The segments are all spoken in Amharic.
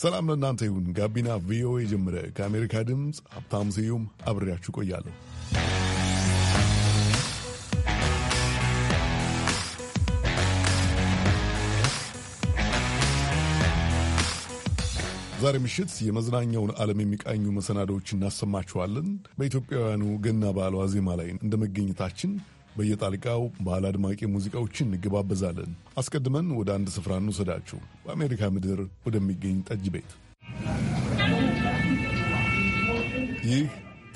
ሰላም ለእናንተ ይሁን። ጋቢና ቪኦኤ ጀምረ ከአሜሪካ ድምፅ ሀብታም ስዩም አብሬያችሁ ቆያለሁ። ዛሬ ምሽት የመዝናኛውን ዓለም የሚቃኙ መሰናዶዎች እናሰማችኋለን። በኢትዮጵያውያኑ ገና በዓል ዋዜማ ላይ እንደመገኘታችን በየጣልቃው ባህል አድማቂ ሙዚቃዎችን እንገባበዛለን። አስቀድመን ወደ አንድ ስፍራ እንውሰዳችሁ፣ በአሜሪካ ምድር ወደሚገኝ ጠጅ ቤት። ይህ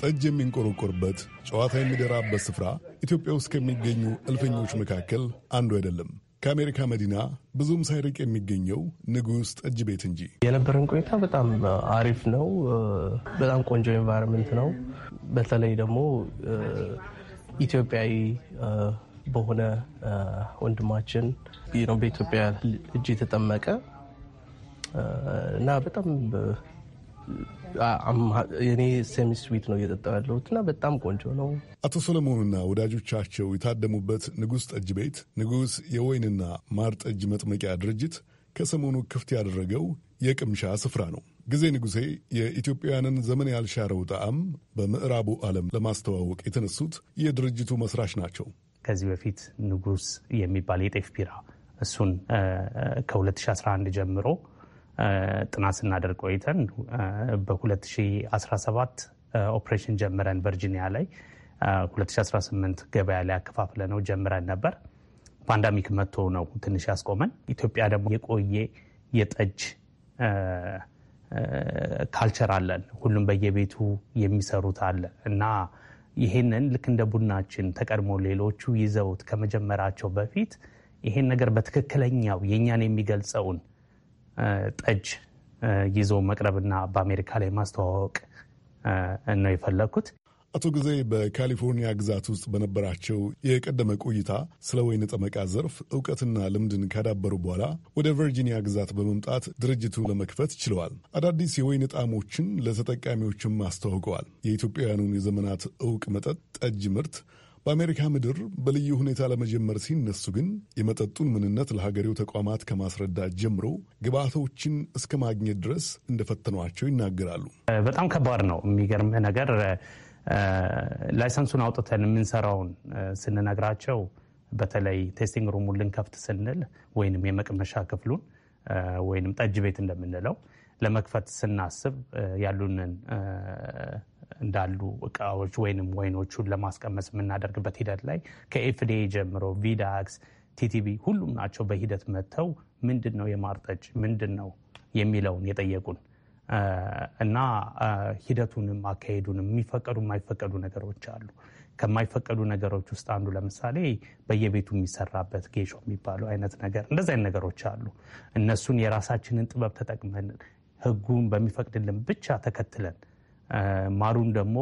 ጠጅ የሚንቆረቆርበት ጨዋታ የሚደራበት ስፍራ ኢትዮጵያ ውስጥ ከሚገኙ እልፈኞች መካከል አንዱ አይደለም። ከአሜሪካ መዲና ብዙም ሳይርቅ የሚገኘው ንጉሥ ጠጅ ቤት እንጂ። የነበረን ቆይታ በጣም አሪፍ ነው። በጣም ቆንጆ ኤንቫይሮንመንት ነው። በተለይ ደግሞ ኢትዮጵያዊ በሆነ ወንድማችን ነው በኢትዮጵያ እጅ የተጠመቀ እና በጣም እኔ ሴሚ ስዊት ነው እየጠጣሁ ያለሁት እና በጣም ቆንጆ ነው። አቶ ሰለሞንና ወዳጆቻቸው የታደሙበት ንጉሥ ጠጅ ቤት ንጉሥ የወይንና ማር ጠጅ መጥመቂያ ድርጅት ከሰሞኑ ክፍት ያደረገው የቅምሻ ስፍራ ነው። ጊዜ ንጉሴ የኢትዮጵያውያንን ዘመን ያልሻረው ጣዕም በምዕራቡ ዓለም ለማስተዋወቅ የተነሱት የድርጅቱ መስራች ናቸው። ከዚህ በፊት ንጉስ የሚባል የጤፍ ቢራ እሱን ከ2011 ጀምሮ ጥናት ስናደርግ ቆይተን በ2017 ኦፕሬሽን ጀምረን ቨርጂኒያ ላይ 2018 ገበያ ላይ አከፋፍለ ነው ጀምረን ነበር። ፓንዳሚክ መጥቶ ነው ትንሽ ያስቆመን። ኢትዮጵያ ደግሞ የቆየ የጠጅ ካልቸር አለን። ሁሉም በየቤቱ የሚሰሩት አለ እና ይሄንን ልክ እንደ ቡናችን ተቀድሞ ሌሎቹ ይዘውት ከመጀመራቸው በፊት ይሄን ነገር በትክክለኛው የእኛን የሚገልጸውን ጠጅ ይዞ መቅረብና በአሜሪካ ላይ ማስተዋወቅ ነው የፈለግኩት። አቶ ጊዜ በካሊፎርኒያ ግዛት ውስጥ በነበራቸው የቀደመ ቆይታ ስለ ወይን ጠመቃ ዘርፍ እውቀትና ልምድን ካዳበሩ በኋላ ወደ ቨርጂኒያ ግዛት በመምጣት ድርጅቱን ለመክፈት ችለዋል። አዳዲስ የወይን ጣዕሞችን ለተጠቃሚዎችም አስተዋውቀዋል። የኢትዮጵያውያኑን የዘመናት እውቅ መጠጥ ጠጅ ምርት በአሜሪካ ምድር በልዩ ሁኔታ ለመጀመር ሲነሱ ግን የመጠጡን ምንነት ለሀገሬው ተቋማት ከማስረዳት ጀምሮ ግብአቶችን እስከ ማግኘት ድረስ እንደፈተኗቸው ይናገራሉ። በጣም ከባድ ነው። የሚገርም ነገር ላይሰንሱን አውጥተን የምንሰራውን ስንነግራቸው በተለይ ቴስቲንግ ሩሙን ልንከፍት ስንል ወይንም የመቅመሻ ክፍሉን ወይንም ጠጅ ቤት እንደምንለው ለመክፈት ስናስብ ያሉንን እንዳሉ እቃዎች ወይንም ወይኖቹን ለማስቀመስ የምናደርግበት ሂደት ላይ ከኤፍዲኤ ጀምሮ ቪዳክስ፣ ቲቲቪ ሁሉም ናቸው በሂደት መጥተው ምንድን ነው የማር ጠጅ ምንድን ነው የሚለውን የጠየቁን እና ሂደቱንም አካሄዱንም የሚፈቀዱ የማይፈቀዱ ነገሮች አሉ። ከማይፈቀዱ ነገሮች ውስጥ አንዱ ለምሳሌ በየቤቱ የሚሰራበት ጌሾ የሚባለው አይነት ነገር እንደዚ አይነት ነገሮች አሉ። እነሱን የራሳችንን ጥበብ ተጠቅመን ህጉን በሚፈቅድልን ብቻ ተከትለን ማሩን ደግሞ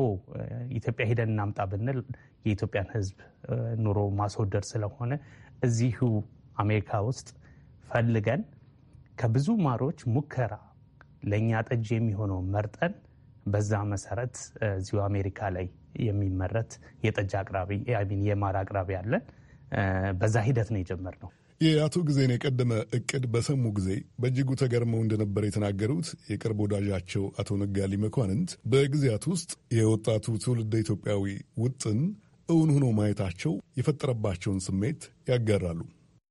ኢትዮጵያ ሄደን እናምጣ ብንል የኢትዮጵያን ህዝብ ኑሮ ማስወደድ ስለሆነ እዚሁ አሜሪካ ውስጥ ፈልገን ከብዙ ማሮች ሙከራ ለእኛ ጠጅ የሚሆነው መርጠን በዛ መሰረት እዚሁ አሜሪካ ላይ የሚመረት የጠጅ አቅራቢ የማር አቅራቢ አለን። በዛ ሂደት ነው የጀመርነው። የአቶ ጊዜን የቀደመ እቅድ በሰሙ ጊዜ በእጅጉ ተገርመው እንደነበር የተናገሩት የቅርብ ወዳጃቸው አቶ ነጋሊ መኳንንት በጊዜያት ውስጥ የወጣቱ ትውልደ ኢትዮጵያዊ ውጥን እውን ሆኖ ማየታቸው የፈጠረባቸውን ስሜት ያጋራሉ።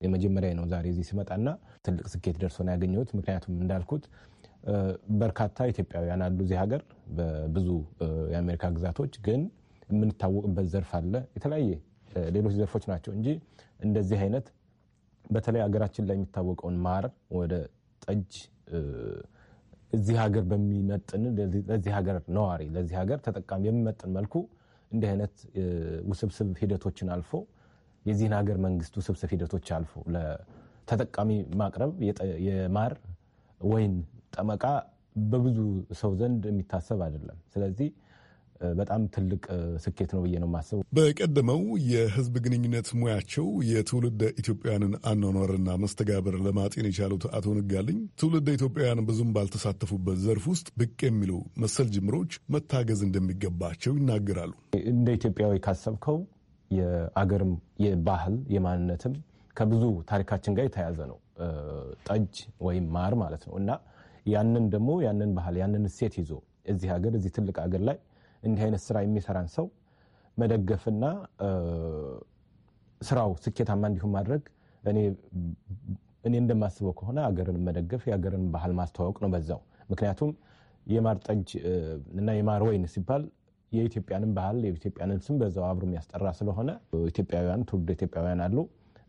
የመጀመሪያ ነው ዛሬ እዚህ ስመጣና ትልቅ ስኬት ደርሶ ነው ያገኘሁት። ምክንያቱም እንዳልኩት በርካታ ኢትዮጵያውያን አሉ እዚህ ሀገር በብዙ የአሜሪካ ግዛቶች ግን የምንታወቅበት ዘርፍ አለ። የተለያየ ሌሎች ዘርፎች ናቸው እንጂ እንደዚህ አይነት በተለይ ሀገራችን ላይ የሚታወቀውን ማር ወደ ጠጅ እዚህ ሀገር በሚመጥን ለዚህ ሀገር ነዋሪ ለዚህ ሀገር ተጠቃሚ የሚመጥን መልኩ እንዲህ አይነት ውስብስብ ሂደቶችን አልፎ የዚህን ሀገር መንግስት ውስብስብ ሂደቶች አልፎ ለተጠቃሚ ማቅረብ የማር ወይን ጠመቃ በብዙ ሰው ዘንድ የሚታሰብ አይደለም። ስለዚህ በጣም ትልቅ ስኬት ነው ብዬ ነው የማስበው። በቀደመው የህዝብ ግንኙነት ሙያቸው የትውልደ ኢትዮጵያውያንን አኗኗርና መስተጋብር ለማጤን የቻሉት አቶ ንጋልኝ ትውልደ ኢትዮጵያውያን ብዙም ባልተሳተፉበት ዘርፍ ውስጥ ብቅ የሚሉ መሰል ጅምሮች መታገዝ እንደሚገባቸው ይናገራሉ። እንደ ኢትዮጵያዊ ካሰብከው የአገርም የባህል የማንነትም ከብዙ ታሪካችን ጋር የተያያዘ ነው ጠጅ ወይም ማር ማለት ነው እና ያንን ደግሞ ያንን ባህል ያንን እሴት ይዞ እዚህ ሀገር እዚህ ትልቅ ሀገር ላይ እንዲህ አይነት ስራ የሚሰራን ሰው መደገፍና ስራው ስኬታማ እንዲሁም ማድረግ እኔ እንደማስበው ከሆነ ሀገርን መደገፍ የሀገርን ባህል ማስተዋወቅ ነው በዛው። ምክንያቱም የማር ጠጅ እና የማር ወይን ሲባል የኢትዮጵያንን ባህል የኢትዮጵያንን ስም በዛው አብሮ የሚያስጠራ ስለሆነ ኢትዮጵያውያን ትውልድ ኢትዮጵያውያን አሉ።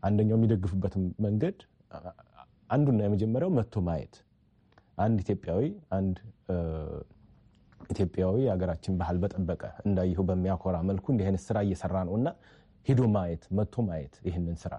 አንደኛው የሚደግፉበትን መንገድ አንዱና የመጀመሪያው መቶ ማየት አንድ ኢትዮጵያዊ አንድ ኢትዮጵያዊ የሀገራችን ባህል በጠበቀ እንዳየሁ በሚያኮራ መልኩ እንዲህ አይነት ስራ እየሰራ ነው እና ሂዶ ማየት መጥቶ ማየት ይህንን ስራ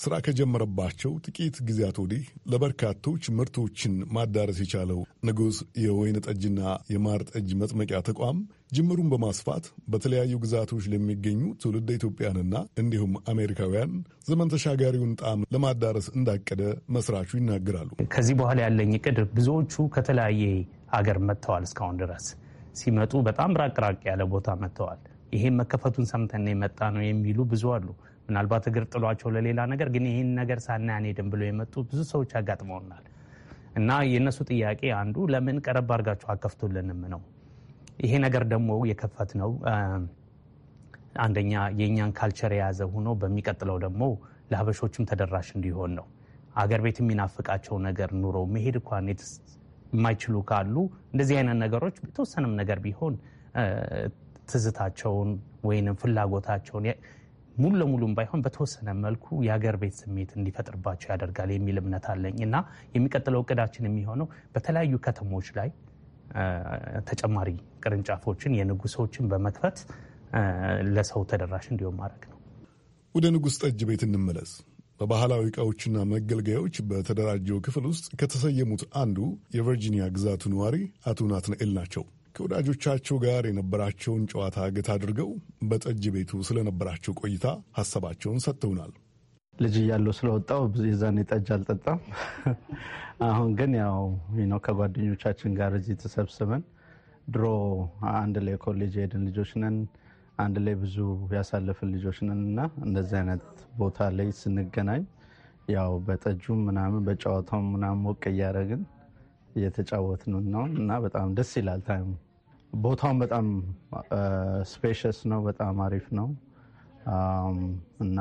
ስራ ከጀመረባቸው ጥቂት ጊዜያት ወዲህ ለበርካቶች ምርቶችን ማዳረስ የቻለው ንጉሥ የወይን ጠጅና የማር ጠጅ መጥመቂያ ተቋም ጅምሩን በማስፋት በተለያዩ ግዛቶች ለሚገኙ ትውልደ ኢትዮጵያንና እንዲሁም አሜሪካውያን ዘመን ተሻጋሪውን ጣዕም ለማዳረስ እንዳቀደ መስራቹ ይናገራሉ። ከዚህ በኋላ ያለኝ እቅድ ብዙዎቹ ከተለያየ አገር መጥተዋል። እስካሁን ድረስ ሲመጡ በጣም ራቅራቅ ያለ ቦታ መጥተዋል። ይሄን መከፈቱን ሰምተን የመጣ ነው የሚሉ ብዙ አሉ። ምናልባት እግር ጥሏቸው ለሌላ ነገር ግን ይህን ነገር ሳናይ አንሄድም ብሎ የመጡ ብዙ ሰዎች ያጋጥመውናል እና የእነሱ ጥያቄ አንዱ ለምን ቀረብ አድርጋችሁ አከፍቶልንም ነው። ይሄ ነገር ደግሞ የከፈት ነው አንደኛ የእኛን ካልቸር የያዘ ሆኖ በሚቀጥለው ደግሞ ለሀበሾችም ተደራሽ እንዲሆን ነው። አገር ቤት የሚናፍቃቸው ነገር ኑሮ መሄድ እንኳን የማይችሉ ካሉ እንደዚህ አይነት ነገሮች የተወሰነም ነገር ቢሆን ትዝታቸውን ወይንም ፍላጎታቸውን ሙሉ ለሙሉም ባይሆን በተወሰነ መልኩ የሀገር ቤት ስሜት እንዲፈጥርባቸው ያደርጋል የሚል እምነት አለኝ እና የሚቀጥለው እቅዳችን የሚሆነው በተለያዩ ከተሞች ላይ ተጨማሪ ቅርንጫፎችን የንጉሶችን በመክፈት ለሰው ተደራሽ እንዲሆን ማድረግ ነው። ወደ ንጉሥ ጠጅ ቤት እንመለስ። በባህላዊ እቃዎችና መገልገያዎች በተደራጀው ክፍል ውስጥ ከተሰየሙት አንዱ የቨርጂኒያ ግዛቱ ነዋሪ አቶ ናትናኤል ናቸው። ከወዳጆቻቸው ጋር የነበራቸውን ጨዋታ ግት አድርገው በጠጅ ቤቱ ስለነበራቸው ቆይታ ሀሳባቸውን ሰጥተውናል። ልጅ እያለሁ ስለወጣው የዛኔ ጠጅ አልጠጣም። አሁን ግን ያው ነው ከጓደኞቻችን ጋር እዚህ ተሰብስበን ድሮ አንድ ላይ ኮሌጅ የሄድን ልጆች ነን፣ አንድ ላይ ብዙ ያሳለፍን ልጆች ነን እና እንደዚህ አይነት ቦታ ላይ ስንገናኝ ያው በጠጁም ምናምን በጨዋታው ምናምን ሞቅ እያደረግን እየተጫወትን ነው እና በጣም ደስ ይላል። ታይሙ ቦታውን በጣም ስፔሸስ ነው፣ በጣም አሪፍ ነው እና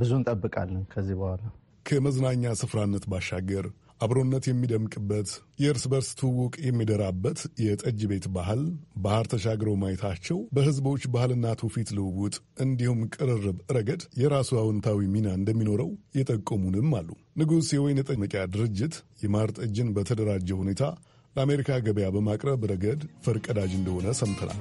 ብዙ እንጠብቃለን ከዚህ በኋላ ከመዝናኛ ስፍራነት ባሻገር አብሮነት የሚደምቅበት የእርስ በርስ ትውውቅ የሚደራበት የጠጅ ቤት ባህል ባህር ተሻግረው ማየታቸው በሕዝቦች ባህልና ትውፊት ልውውጥ እንዲሁም ቅርርብ ረገድ የራሱ አዎንታዊ ሚና እንደሚኖረው የጠቆሙንም አሉ። ንጉሥ የወይን ጠጅ መቂያ ድርጅት የማር ጠጅን በተደራጀ ሁኔታ ለአሜሪካ ገበያ በማቅረብ ረገድ ፈርቀዳጅ እንደሆነ ሰምተናል።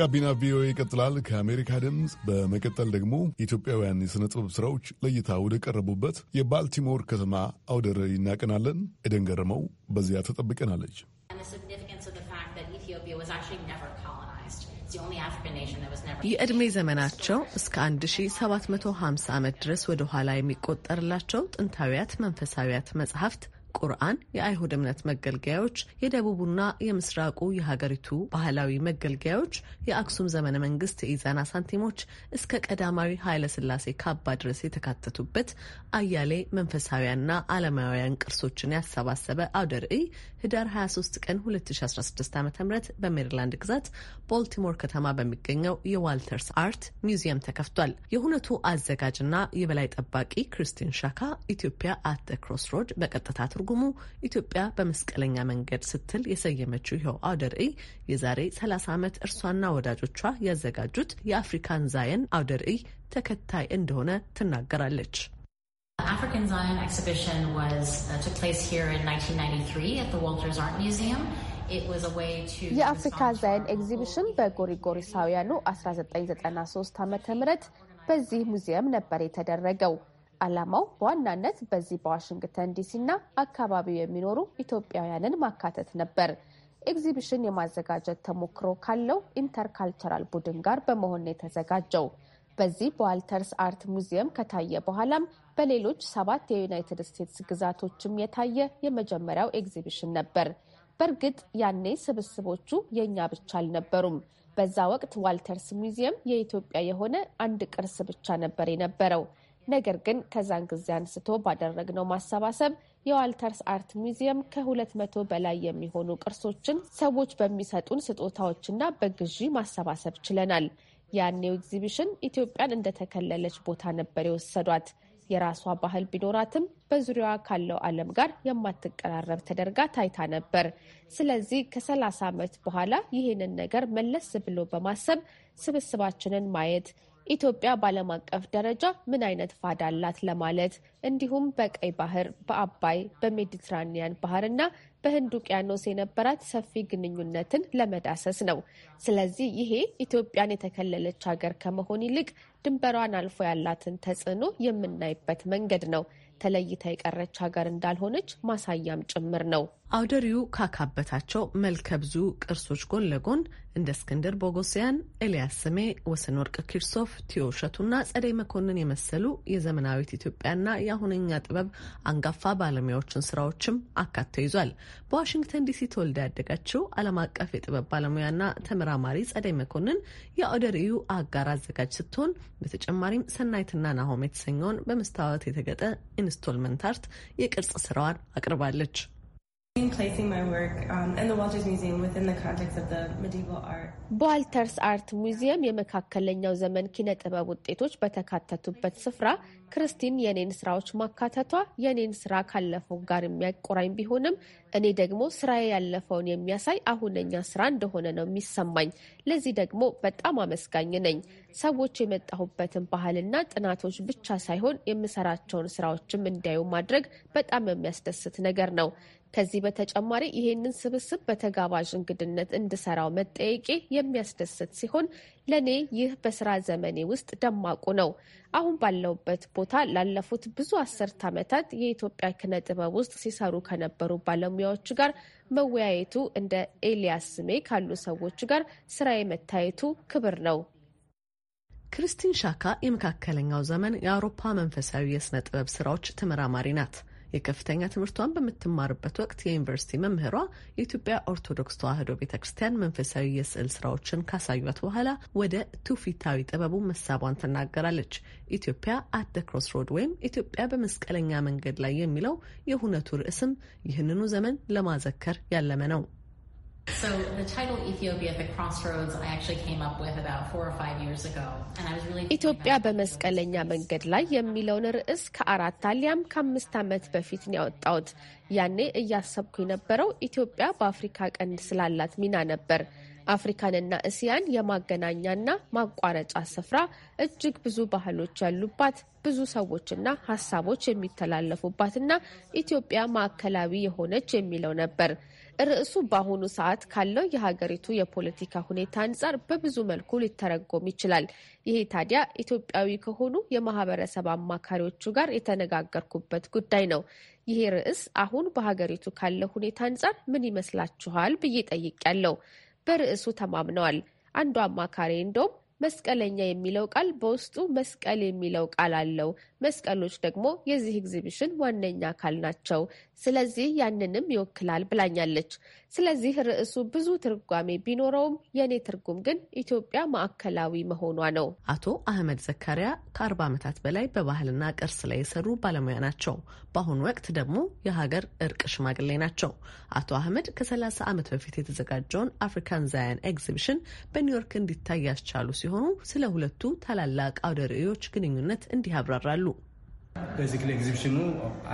ጋቢና ቪኦኤ ይቀጥላል። ከአሜሪካ ድምፅ በመቀጠል ደግሞ ኢትዮጵያውያን የሥነ ጥበብ ሥራዎች ለእይታ ወደ ቀረቡበት የባልቲሞር ከተማ አውደ ርዕይ እናቀናለን። ኤደን ገረመው በዚያ ተጠብቀናለች። የዕድሜ ዘመናቸው እስከ 1750 ዓመት ድረስ ወደ ኋላ የሚቆጠርላቸው ጥንታዊያት መንፈሳዊያት መጽሐፍት ቁርአን የአይሁድ እምነት መገልገያዎች፣ የደቡቡና የምስራቁ የሀገሪቱ ባህላዊ መገልገያዎች፣ የአክሱም ዘመነ መንግስት የኢዛና ሳንቲሞች እስከ ቀዳማዊ ኃይለስላሴ ካባ ድረስ የተካተቱበት አያሌ መንፈሳዊያንና ዓለማውያን ቅርሶችን ያሰባሰበ አውደ ርዕይ ህዳር 23 ቀን 2016 ዓ ም በሜሪላንድ ግዛት ቦልቲሞር ከተማ በሚገኘው የዋልተርስ አርት ሚውዚየም ተከፍቷል። የሁነቱ አዘጋጅና የበላይ ጠባቂ ክርስቲን ሻካ ኢትዮጵያ አት ክሮስ ሮድ በቀጥታ ትርጉሙ ኢትዮጵያ በመስቀለኛ መንገድ ስትል የሰየመችው ይኸው አውደ ርዕይ የዛሬ 30 ዓመት እርሷና ወዳጆቿ ያዘጋጁት የአፍሪካን ዛየን አውደ ርዕይ ተከታይ እንደሆነ ትናገራለች። African Zion exhibition was uh, took place here in 1993 at the Walters Art Museum. የአፍሪካ ዛይን ኤግዚቢሽን በጎሪጎሪሳውያኑ 1993 ዓ ም በዚህ ሙዚየም ነበር የተደረገው። ዓላማው በዋናነት በዚህ በዋሽንግተን ዲሲና አካባቢው የሚኖሩ ኢትዮጵያውያንን ማካተት ነበር። ኤግዚቢሽን የማዘጋጀት ተሞክሮ ካለው ኢንተርካልቸራል ቡድን ጋር በመሆን ነው የተዘጋጀው። በዚህ በዋልተርስ አርት ሙዚየም ከታየ በኋላም በሌሎች ሰባት የዩናይትድ ስቴትስ ግዛቶችም የታየ የመጀመሪያው ኤግዚቢሽን ነበር። በእርግጥ ያኔ ስብስቦቹ የእኛ ብቻ አልነበሩም። በዛ ወቅት ዋልተርስ ሙዚየም የኢትዮጵያ የሆነ አንድ ቅርስ ብቻ ነበር የነበረው። ነገር ግን ከዛን ጊዜ አንስቶ ባደረግነው ማሰባሰብ የዋልተርስ አርት ሙዚየም ከሁለት መቶ በላይ የሚሆኑ ቅርሶችን ሰዎች በሚሰጡን ስጦታዎችና በግዢ ማሰባሰብ ችለናል። ያኔው ኤግዚቢሽን ኢትዮጵያን እንደተከለለች ቦታ ነበር የወሰዷት። የራሷ ባህል ቢኖራትም በዙሪያዋ ካለው ዓለም ጋር የማትቀራረብ ተደርጋ ታይታ ነበር። ስለዚህ ከሰላሳ ዓመት በኋላ ይህንን ነገር መለስ ብሎ በማሰብ ስብስባችንን ማየት ኢትዮጵያ በዓለም አቀፍ ደረጃ ምን አይነት ፋዳ አላት ለማለት እንዲሁም በቀይ ባህር፣ በአባይ፣ በሜዲትራኒያን ባህርና በህንድ ውቅያኖስ የነበራት ሰፊ ግንኙነትን ለመዳሰስ ነው። ስለዚህ ይሄ ኢትዮጵያን የተከለለች ሀገር ከመሆን ይልቅ ድንበሯን አልፎ ያላትን ተጽዕኖ የምናይበት መንገድ ነው። ተለይታ የቀረች ሀገር እንዳልሆነች ማሳያም ጭምር ነው። አውደሪው ካካበታቸው መልከ ብዙ ቅርሶች ጎን ለጎን እንደ እስክንድር ቦጎሲያን፣ ኤልያስ ስሜ፣ ወሰን ወርቅ ኪርሶፍ፣ ቲዮ እሸቱና ጸደይ መኮንን የመሰሉ የዘመናዊት ኢትዮጵያና የአሁነኛ ጥበብ አንጋፋ ባለሙያዎችን ስራዎችም አካቶ ይዟል። በዋሽንግተን ዲሲ ተወልዳ ያደገችው ዓለም አቀፍ የጥበብ ባለሙያና ተመራማሪ ጸደይ መኮንን የአውደሪዩ አጋር አዘጋጅ ስትሆን በተጨማሪም ሰናይትና ናሆም የተሰኘውን በመስታወት የተገጠ ኢንስቶልመንት አርት የቅርጽ ስራዋን አቅርባለች። በዋልተርስ አርት ሙዚየም የመካከለኛው ዘመን ኪነ ጥበብ ውጤቶች በተካተቱበት ስፍራ ክርስቲን የኔን ስራዎች ማካተቷ የኔን ስራ ካለፈው ጋር የሚያቆራኝ ቢሆንም እኔ ደግሞ ስራዬ ያለፈውን የሚያሳይ አሁነኛ ስራ እንደሆነ ነው የሚሰማኝ። ለዚህ ደግሞ በጣም አመስጋኝ ነኝ። ሰዎች የመጣሁበትን ባህልና ጥናቶች ብቻ ሳይሆን የምሰራቸውን ስራዎችም እንዲያዩ ማድረግ በጣም የሚያስደስት ነገር ነው። ከዚህ በተጨማሪ ይሄንን ስብስብ በተጋባዥ እንግድነት እንድሰራው መጠየቄ የሚያስደስት ሲሆን ለእኔ ይህ በስራ ዘመኔ ውስጥ ደማቁ ነው። አሁን ባለውበት ቦታ ላለፉት ብዙ አስርት ዓመታት የኢትዮጵያ ኪነ ጥበብ ውስጥ ሲሰሩ ከነበሩ ባለሙያዎች ጋር መወያየቱ እንደ ኤልያስ ስሜ ካሉ ሰዎች ጋር ስራ የመታየቱ ክብር ነው። ክርስቲን ሻካ የመካከለኛው ዘመን የአውሮፓ መንፈሳዊ የስነ ጥበብ ስራዎች ተመራማሪ ናት። የከፍተኛ ትምህርቷን በምትማርበት ወቅት የዩኒቨርሲቲ መምህሯ የኢትዮጵያ ኦርቶዶክስ ተዋሕዶ ቤተ ክርስቲያን መንፈሳዊ የስዕል ስራዎችን ካሳዩት በኋላ ወደ ትውፊታዊ ጥበቡ መሳቧን ትናገራለች። ኢትዮጵያ አት ደ ክሮስ ሮድ ወይም ኢትዮጵያ በመስቀለኛ መንገድ ላይ የሚለው የሁነቱ ርዕስም ይህንኑ ዘመን ለማዘከር ያለመ ነው። So ኢትዮጵያ በመስቀለኛ መንገድ ላይ የሚለውን ርዕስ ከአራት አሊያም ከአምስት ዓመት በፊት ነው ያወጣሁት። ያኔ እያሰብኩ የነበረው ኢትዮጵያ በአፍሪካ ቀንድ ስላላት ሚና ነበር። አፍሪካንና እስያን የማገናኛና ማቋረጫ ስፍራ፣ እጅግ ብዙ ባህሎች ያሉባት፣ ብዙ ሰዎችና ሀሳቦች የሚተላለፉባትና ኢትዮጵያ ማዕከላዊ የሆነች የሚለው ነበር። ርዕሱ በአሁኑ ሰዓት ካለው የሀገሪቱ የፖለቲካ ሁኔታ አንጻር በብዙ መልኩ ሊተረጎም ይችላል። ይሄ ታዲያ ኢትዮጵያዊ ከሆኑ የማህበረሰብ አማካሪዎቹ ጋር የተነጋገርኩበት ጉዳይ ነው። ይሄ ርዕስ አሁን በሀገሪቱ ካለው ሁኔታ አንጻር ምን ይመስላችኋል ብዬ ያለው በርዕሱ ተማምነዋል። አንዱ አማካሪ እንደውም መስቀለኛ የሚለው ቃል በውስጡ መስቀል የሚለው ቃል አለው። መስቀሎች ደግሞ የዚህ ኤግዚቢሽን ዋነኛ አካል ናቸው። ስለዚህ ያንንም ይወክላል ብላኛለች። ስለዚህ ርዕሱ ብዙ ትርጓሜ ቢኖረውም የእኔ ትርጉም ግን ኢትዮጵያ ማዕከላዊ መሆኗ ነው። አቶ አህመድ ዘካሪያ ከአርባ ዓመታት በላይ በባህልና ቅርስ ላይ የሰሩ ባለሙያ ናቸው። በአሁኑ ወቅት ደግሞ የሀገር እርቅ ሽማግሌ ናቸው። አቶ አህመድ ከ30 ዓመት በፊት የተዘጋጀውን አፍሪካን ዛያን ኤግዚቢሽን በኒውዮርክ እንዲታይ ያስቻሉ ሲሆን ሲሆኑ ስለ ሁለቱ ታላላቅ አውደ ርዕዮች ግንኙነት እንዲህ አብራራሉ። በዚህ ኤግዚቢሽኑ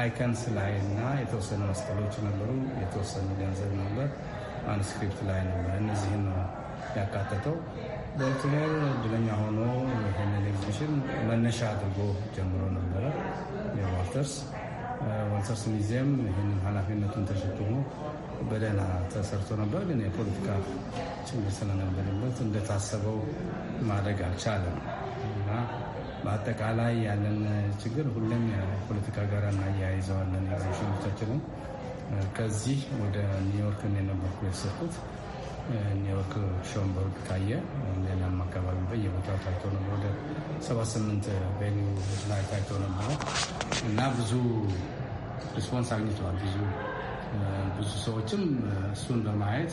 አይከንስ ላይ እና የተወሰኑ መስቀሎች ነበሩ፣ የተወሰኑ ገንዘብ ነበር፣ ማኑስክሪፕት ላይ ነበር። እነዚህን ነው ያካተተው። በኦርቱሜር እድለኛ ሆኖ ይህንን ኤግዚቢሽን መነሻ አድርጎ ጀምሮ ነበረ የዋልተርስ ዋልተርስ ሚዚየም ይህንን ኃላፊነቱን ተሸክሞ በደህና ተሰርቶ ነበር። ግን የፖለቲካ ችግር ስለነበረበት እንደታሰበው ማድረግ አልቻለም እና በአጠቃላይ ያለን ችግር ሁሉም የፖለቲካ ጋር እናያይዘዋለን። ኤግዚቢሽኖቻችንም ከዚህ ወደ ኒውዮርክ የነበርኩ የተሰርኩት ኒውዮርክ ሾንበርግ ታየ። ሌላም አካባቢ በየቦታው ታይቶ ነበር። ወደ ሰባ ስምንት ቬኒው ላይ ታይቶ ነበረ እና ብዙ ሪስፖንስ አግኝተዋል። ብዙ ብዙ ሰዎችም እሱን በማየት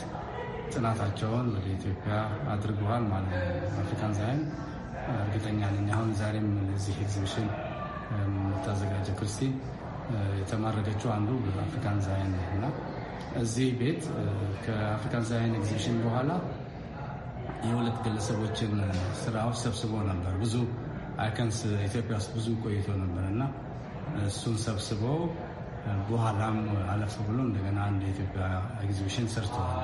ጥናታቸውን ወደ ኢትዮጵያ አድርገዋል ማለት ነው። አፍሪካን ዛይን እርግጠኛ ነኝ አሁን ዛሬም እዚህ ኤግዚቢሽን የምታዘጋጀው ክርስቲ የተማረገችው አንዱ በአፍሪካን ዛይን እና እዚህ ቤት ከአፍሪካን ዛይን ኤግዚቢሽን በኋላ የሁለት ግለሰቦችን ስራዎች ሰብስቦ ነበር። ብዙ አይከንስ ኢትዮጵያ ውስጥ ብዙ ቆይቶ ነበር እና እሱን ሰብስበው በኋላም አለፍ ብሎ እንደገና አንድ የኢትዮጵያ ኤግዚቢሽን ሰርተዋል።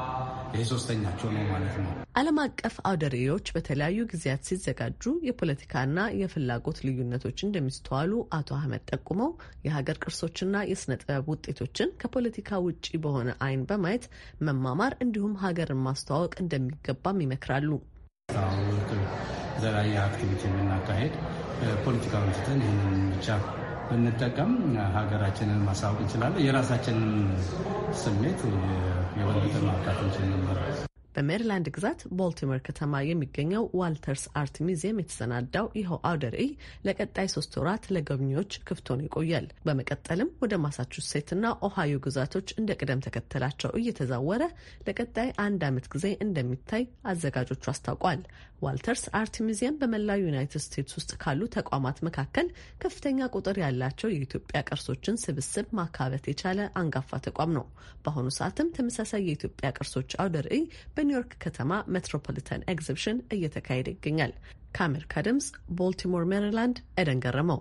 ይሄ ሶስተኛቸው ነው ማለት ነው። ዓለም አቀፍ አውደ ርዕዮች በተለያዩ ጊዜያት ሲዘጋጁ የፖለቲካና የፍላጎት ልዩነቶች እንደሚስተዋሉ አቶ አህመድ ጠቁመው የሀገር ቅርሶችና የስነ ጥበብ ውጤቶችን ከፖለቲካ ውጪ በሆነ አይን በማየት መማማር እንዲሁም ሀገርን ማስተዋወቅ እንደሚገባም ይመክራሉ። ዘራዊ አክቲቪቲ የምናካሄድ ፖለቲካ ስትን ይህንን ብቻ ብንጠቀም ሀገራችንን ማሳወቅ እንችላለን። የራሳችንን ስሜት የበለጠ ማካት እንችል ነበር። በሜሪላንድ ግዛት ቦልቲሞር ከተማ የሚገኘው ዋልተርስ አርት ሚዚየም የተሰናዳው ይኸው አውደ ርዕይ ለቀጣይ ሶስት ወራት ለጎብኚዎች ክፍት ሆኖ ይቆያል። በመቀጠልም ወደ ማሳቹሴትና ኦሃዮ ግዛቶች እንደ ቅደም ተከተላቸው እየተዛወረ ለቀጣይ አንድ ዓመት ጊዜ እንደሚታይ አዘጋጆቹ አስታውቋል። ዋልተርስ አርት ሚዚየም በመላው ዩናይትድ ስቴትስ ውስጥ ካሉ ተቋማት መካከል ከፍተኛ ቁጥር ያላቸው የኢትዮጵያ ቅርሶችን ስብስብ ማካበት የቻለ አንጋፋ ተቋም ነው። በአሁኑ ሰዓትም ተመሳሳይ የኢትዮጵያ ቅርሶች አውደ ርዕይ በኒውዮርክ ከተማ ሜትሮፖሊታን ኤግዚቢሽን እየተካሄደ ይገኛል። ከአሜሪካ ድምፅ ቦልቲሞር ሜሪላንድ፣ ኤደን ገረመው።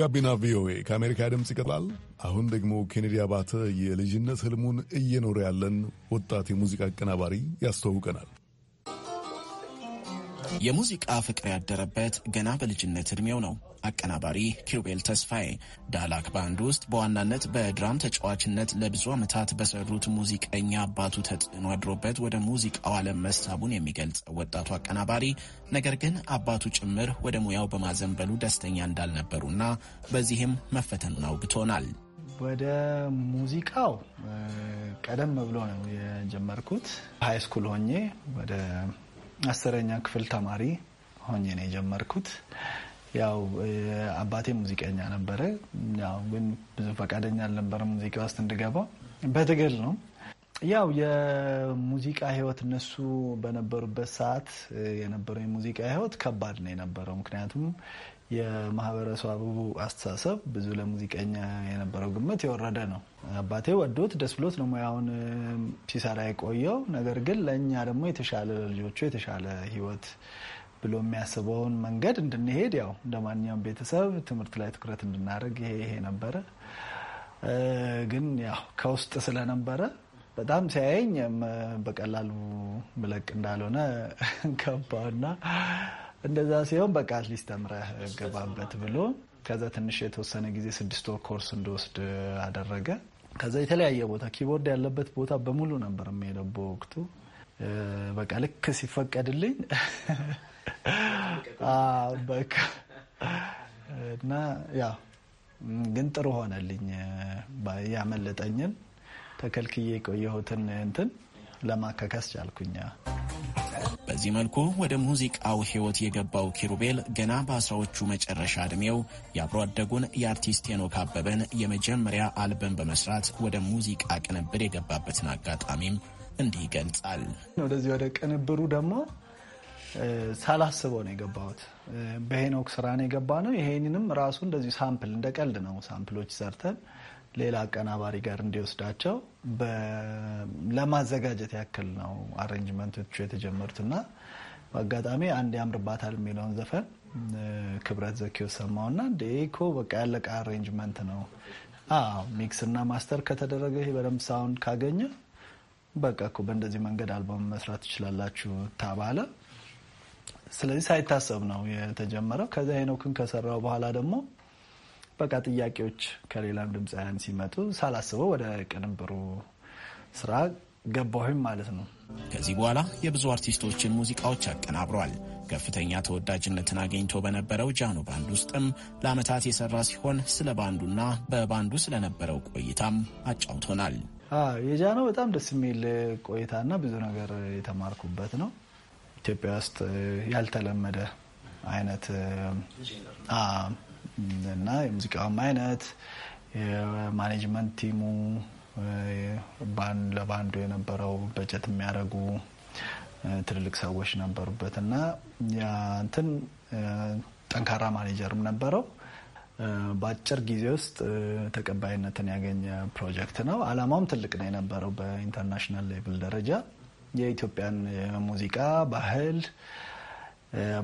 ጋቢና ቪኦኤ ከአሜሪካ ድምፅ ይቀጥላል። አሁን ደግሞ ኬኔዲ አባተ የልጅነት ህልሙን እየኖረ ያለን ወጣት የሙዚቃ አቀናባሪ ያስተዋውቀናል። የሙዚቃ ፍቅር ያደረበት ገና በልጅነት እድሜው ነው። አቀናባሪ ኪሩቤል ተስፋዬ ዳላክ ባንድ ውስጥ በዋናነት በድራም ተጫዋችነት ለብዙ ዓመታት በሰሩት ሙዚቀኛ አባቱ ተጽዕኖ አድሮበት ወደ ሙዚቃው ዓለም መሳቡን የሚገልጸው ወጣቱ አቀናባሪ ነገር ግን አባቱ ጭምር ወደ ሙያው በማዘንበሉ ደስተኛ እንዳልነበሩና በዚህም መፈተኑን አውግቶናል። ወደ ሙዚቃው ቀደም ብሎ ነው የጀመርኩት። ሃይስኩል ሆኜ ወደ አስረኛ ክፍል ተማሪ ሆኜ ነው የጀመርኩት። ያው አባቴ ሙዚቀኛ ነበረ። ያው ግን ብዙ ፈቃደኛ አልነበረ ሙዚቃ ውስጥ እንድገባ በትግል ነው። ያው የሙዚቃ ህይወት እነሱ በነበሩበት ሰዓት የነበረው የሙዚቃ ህይወት ከባድ ነው የነበረው ምክንያቱም የማህበረሰቡ አስተሳሰብ ብዙ ለሙዚቀኛ የነበረው ግምት የወረደ ነው። አባቴ ወዶት ደስ ብሎት ነው ሙያውን ሲሰራ የቆየው። ነገር ግን ለእኛ ደግሞ የተሻለ ለልጆቹ የተሻለ ህይወት ብሎ የሚያስበውን መንገድ እንድንሄድ ያው እንደ ማንኛውም ቤተሰብ ትምህርት ላይ ትኩረት እንድናደርግ ይሄ ይሄ ነበረ። ግን ያው ከውስጥ ስለነበረ በጣም ሲያየኝ በቀላሉ ምለቅ እንዳልሆነ ገባውና እንደዛ ሲሆን በቃ አትሊስት ተምረህ ገባበት ብሎ ከዛ ትንሽ የተወሰነ ጊዜ ስድስት ወር ኮርስ እንደወስድ አደረገ። ከዛ የተለያየ ቦታ ኪቦርድ ያለበት ቦታ በሙሉ ነበር የሚሄደው በወቅቱ በቃ ልክ ሲፈቀድልኝ በቃ እና ያ ግን ጥሩ ሆነልኝ። ያመለጠኝን ተከልክዬ የቆየሁትን እንትን ለማካካስ ቻልኩኛ። በዚህ መልኩ ወደ ሙዚቃው ሕይወት የገባው ኪሩቤል ገና በአስራዎቹ መጨረሻ ዕድሜው የአብሮ አደጉን የአርቲስት ሄኖክ አበበን የመጀመሪያ አልበም በመስራት ወደ ሙዚቃ ቅንብር የገባበትን አጋጣሚም እንዲህ ይገልጻል። ወደዚህ ወደ ቅንብሩ ደግሞ ሳላስበው ነው የገባሁት። በሄኖክ ስራ ነው የገባ ነው። ይሄንንም ራሱ እንደዚሁ ሳምፕል እንደ ቀልድ ነው ሳምፕሎች ሰርተን ሌላ አቀናባሪ ጋር እንዲወስዳቸው ለማዘጋጀት ያክል ነው አሬንጅመንቶቹ የተጀመሩትና በአጋጣሚ አንድ ያምርባታል የሚለውን ዘፈን ክብረት ዘኪው ሰማው ና ዴኮ በቃ ያለቀ አሬንጅመንት ነው። ሚክስ እና ማስተር ከተደረገ ይሄ በደንብ ሳውንድ ካገኘ በቃ እኮ በእንደዚህ መንገድ አልበም መስራት ትችላላችሁ ተባለ። ስለዚህ ሳይታሰብ ነው የተጀመረው። ከዚያ ሄኖክን ከሰራው በኋላ ደግሞ በቃ ጥያቄዎች ከሌላም ድምፃያን ሲመጡ ሳላስበው ወደ ቅንብሩ ስራ ገባሁም ማለት ነው። ከዚህ በኋላ የብዙ አርቲስቶችን ሙዚቃዎች አቀናብሯል። ከፍተኛ ተወዳጅነትን አግኝቶ በነበረው ጃኖ ባንድ ውስጥም ለአመታት የሰራ ሲሆን ስለ ባንዱና በባንዱ ስለነበረው ቆይታም አጫውቶናል። የጃኖ በጣም ደስ የሚል ቆይታና ብዙ ነገር የተማርኩበት ነው። ኢትዮጵያ ውስጥ ያልተለመደ አይነት እና የሙዚቃውም አይነት የማኔጅመንት ቲሙ ለባንዱ የነበረው በጀት የሚያደርጉ ትልልቅ ሰዎች ነበሩበት እና እንትን ጠንካራ ማኔጀርም ነበረው። በአጭር ጊዜ ውስጥ ተቀባይነትን ያገኘ ፕሮጀክት ነው። አላማውም ትልቅ ነው የነበረው። በኢንተርናሽናል ሌቭል ደረጃ የኢትዮጵያን ሙዚቃ ባህል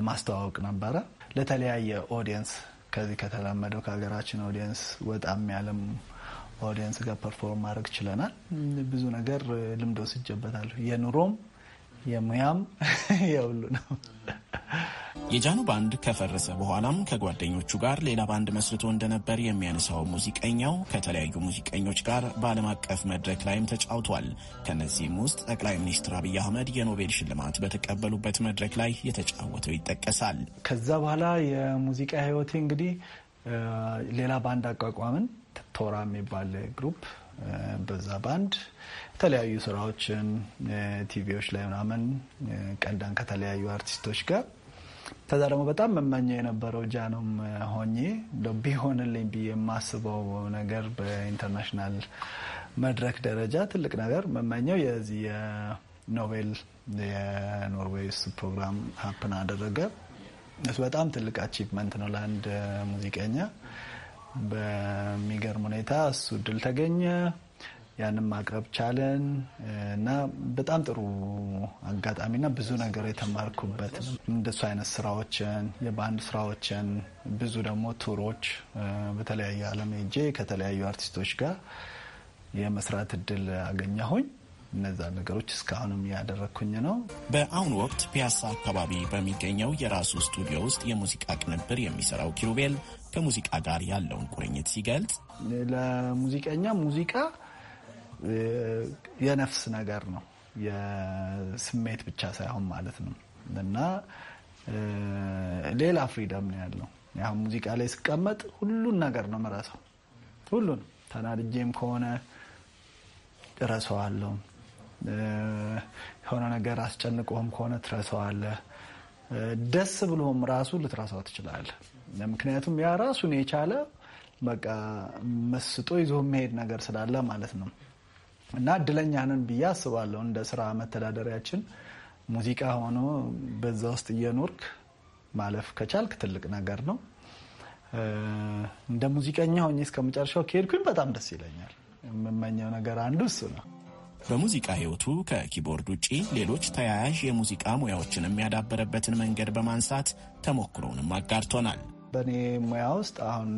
ማስተዋወቅ ነበረ ለተለያየ ኦዲየንስ ከዚህ ከተላመደው ከሀገራችን ኦዲየንስ ወጣም ያለም ኦዲየንስ ጋር ፐርፎርም ማድረግ ችለናል። ብዙ ነገር ልምድ ወስጄበታለሁ። የኑሮም የሙያም የሁሉ ነው። የጃኑ ባንድ ከፈረሰ በኋላም ከጓደኞቹ ጋር ሌላ ባንድ መስርቶ እንደነበር የሚያነሳው ሙዚቀኛው ከተለያዩ ሙዚቀኞች ጋር በዓለም አቀፍ መድረክ ላይም ተጫውቷል። ከነዚህም ውስጥ ጠቅላይ ሚኒስትር አብይ አህመድ የኖቤል ሽልማት በተቀበሉበት መድረክ ላይ የተጫወተው ይጠቀሳል። ከዛ በኋላ የሙዚቃ ህይወቴ እንግዲህ ሌላ ባንድ አቋቋምን። ቶራ የሚባል ግሩፕ በዛ ባንድ የተለያዩ ስራዎችን ቲቪዎች ላይ ምናምን ቀዳን ከተለያዩ አርቲስቶች ጋር። ከዛ ደግሞ በጣም መመኘው የነበረው ጃኖም ሆኜ ቢሆንልኝ ብዬ የማስበው ነገር በኢንተርናሽናል መድረክ ደረጃ ትልቅ ነገር መመኘው የዚህ የኖቤል የኖርዌይስ ፕሮግራም ሀፕን አደረገ። እሱ በጣም ትልቅ አቺቭመንት ነው ለአንድ ሙዚቀኛ። በሚገርም ሁኔታ እሱ እድል ተገኘ። ያንም ማቅረብ ቻለን እና በጣም ጥሩ አጋጣሚና ብዙ ነገር የተማርኩበት እንደሱ አይነት ስራዎችን የባንድ ስራዎችን ብዙ ደግሞ ቱሮች በተለያዩ ዓለም ሄጄ ከተለያዩ አርቲስቶች ጋር የመስራት እድል አገኘሁኝ። እነዛ ነገሮች እስካሁንም ያደረግኩኝ ነው። በአሁኑ ወቅት ፒያሳ አካባቢ በሚገኘው የራሱ ስቱዲዮ ውስጥ የሙዚቃ ቅንብር የሚሰራው ኪሩቤል ከሙዚቃ ጋር ያለውን ቁርኝት ሲገልጽ ለሙዚቀኛ ሙዚቃ የነፍስ ነገር ነው። የስሜት ብቻ ሳይሆን ማለት ነው እና ሌላ ፍሪደም ነው ያለው። ያው ሙዚቃ ላይ ስቀመጥ ሁሉን ነገር ነው የምረሳው። ሁሉን ተናድጄም ከሆነ እረሳዋለሁ። የሆነ ነገር አስጨንቆም ከሆነ ትረሳዋለህ። ደስ ብሎም ራሱ ልትረሳው ትችላለህ። ምክንያቱም ያ ራሱን የቻለ በቃ መስጦ ይዞ መሄድ ነገር ስላለ ማለት ነው። እና እድለኛንን ብዬ አስባለሁ። እንደ ስራ መተዳደሪያችን ሙዚቃ ሆኖ በዛ ውስጥ እየኖርክ ማለፍ ከቻልክ ትልቅ ነገር ነው። እንደ ሙዚቀኛ ሆኜ እስከ መጨረሻው ከሄድኩኝ በጣም ደስ ይለኛል። የምመኘው ነገር አንዱ እሱ ነው። በሙዚቃ ህይወቱ ከኪቦርድ ውጪ ሌሎች ተያያዥ የሙዚቃ ሙያዎችን የሚያዳበረበትን መንገድ በማንሳት ተሞክሮውንም አጋርቶናል። በእኔ ሙያ ውስጥ አሁን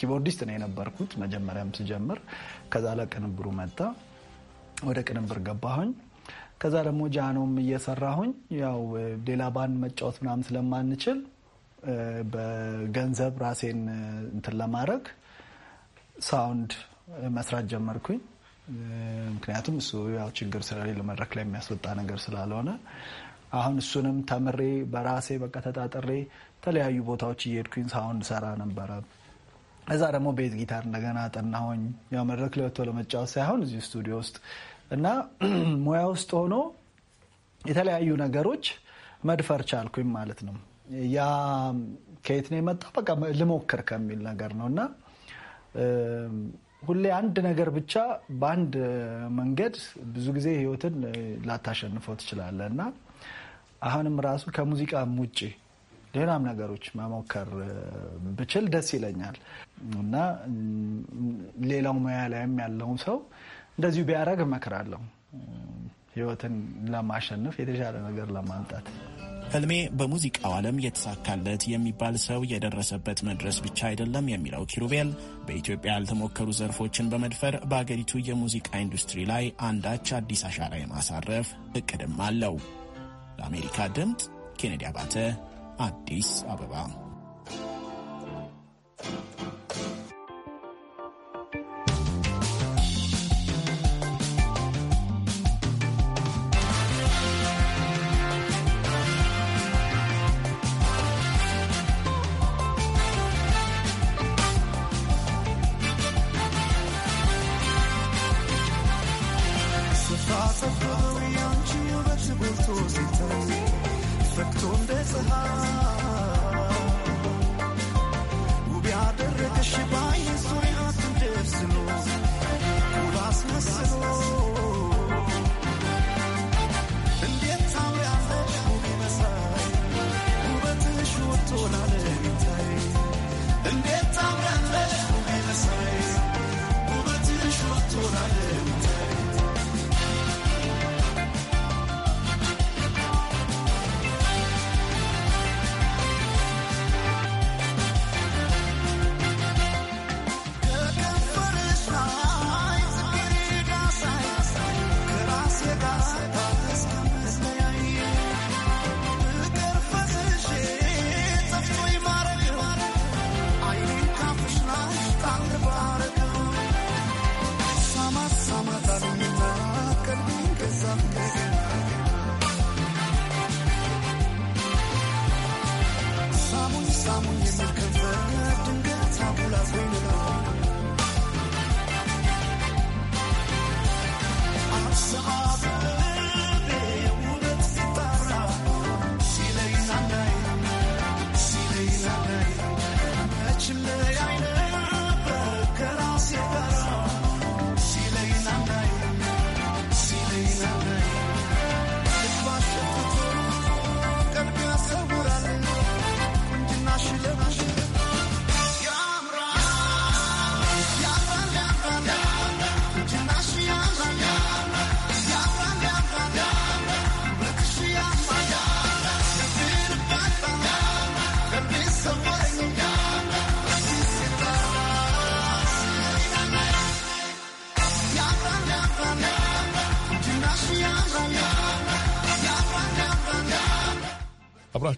ኪቦርዲስት ነው የነበርኩት መጀመሪያም ስጀምር። ከዛ ለቅንብሩ መጣ፣ ወደ ቅንብር ገባሁኝ። ከዛ ደግሞ ጃኖም እየሰራሁኝ ያው ሌላ ባንድ መጫወት ምናምን ስለማንችል በገንዘብ ራሴን እንትን ለማድረግ ሳውንድ መስራት ጀመርኩኝ። ምክንያቱም እሱ ያው ችግር ስለሌለ መድረክ ላይ የሚያስወጣ ነገር ስላልሆነ አሁን እሱንም ተምሬ በራሴ በቃ ተጣጥሬ የተለያዩ ቦታዎች እየሄድኩኝ ሳውንድ ሰራ ነበረ። እዛ ደግሞ ቤት ጊታር እንደገና ጠናሆኝ ያው መድረክ ላይ ለመጫወት ሳይሆን እዚሁ ስቱዲዮ ውስጥ እና ሙያ ውስጥ ሆኖ የተለያዩ ነገሮች መድፈር ቻልኩኝ ማለት ነው። ያ ከየት ነው የመጣ? በቃ ልሞክር ከሚል ነገር ነው እና ሁሌ አንድ ነገር ብቻ በአንድ መንገድ ብዙ ጊዜ ህይወትን ላታሸንፈው ትችላለህ እና አሁንም ራሱ ከሙዚቃም ውጭ ሌላም ነገሮች መሞከር ብችል ደስ ይለኛል እና ሌላው ሙያ ላይም ያለውን ሰው እንደዚሁ ቢያደርግ እመክራለሁ። ህይወትን ለማሸነፍ የተሻለ ነገር ለማምጣት ህልሜ በሙዚቃው ዓለም የተሳካለት የሚባል ሰው የደረሰበት መድረስ ብቻ አይደለም የሚለው ኪሩቤል በኢትዮጵያ ያልተሞከሩ ዘርፎችን በመድፈር በአገሪቱ የሙዚቃ ኢንዱስትሪ ላይ አንዳች አዲስ አሻራ የማሳረፍ እቅድም አለው። ለአሜሪካ ድምፅ ኬኔዲ አባተ አዲስ አበባ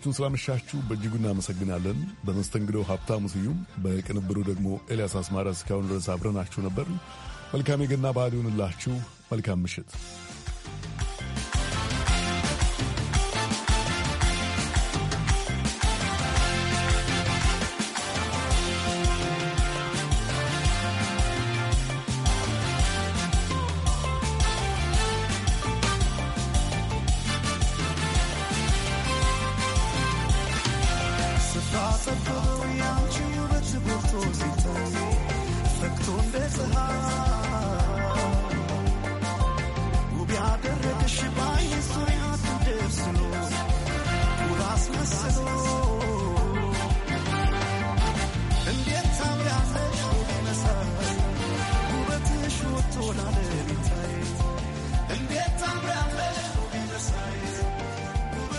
አብራችሁን ስላመሻችሁ በእጅጉ እናመሰግናለን። በመስተንግዶው ሀብታሙ ስዩም፣ በቅንብሩ ደግሞ ኤልያስ አስማራ። እስካሁን ድረስ አብረናችሁ ነበር። መልካም የገና በዓል ይሁንላችሁ። መልካም ምሽት።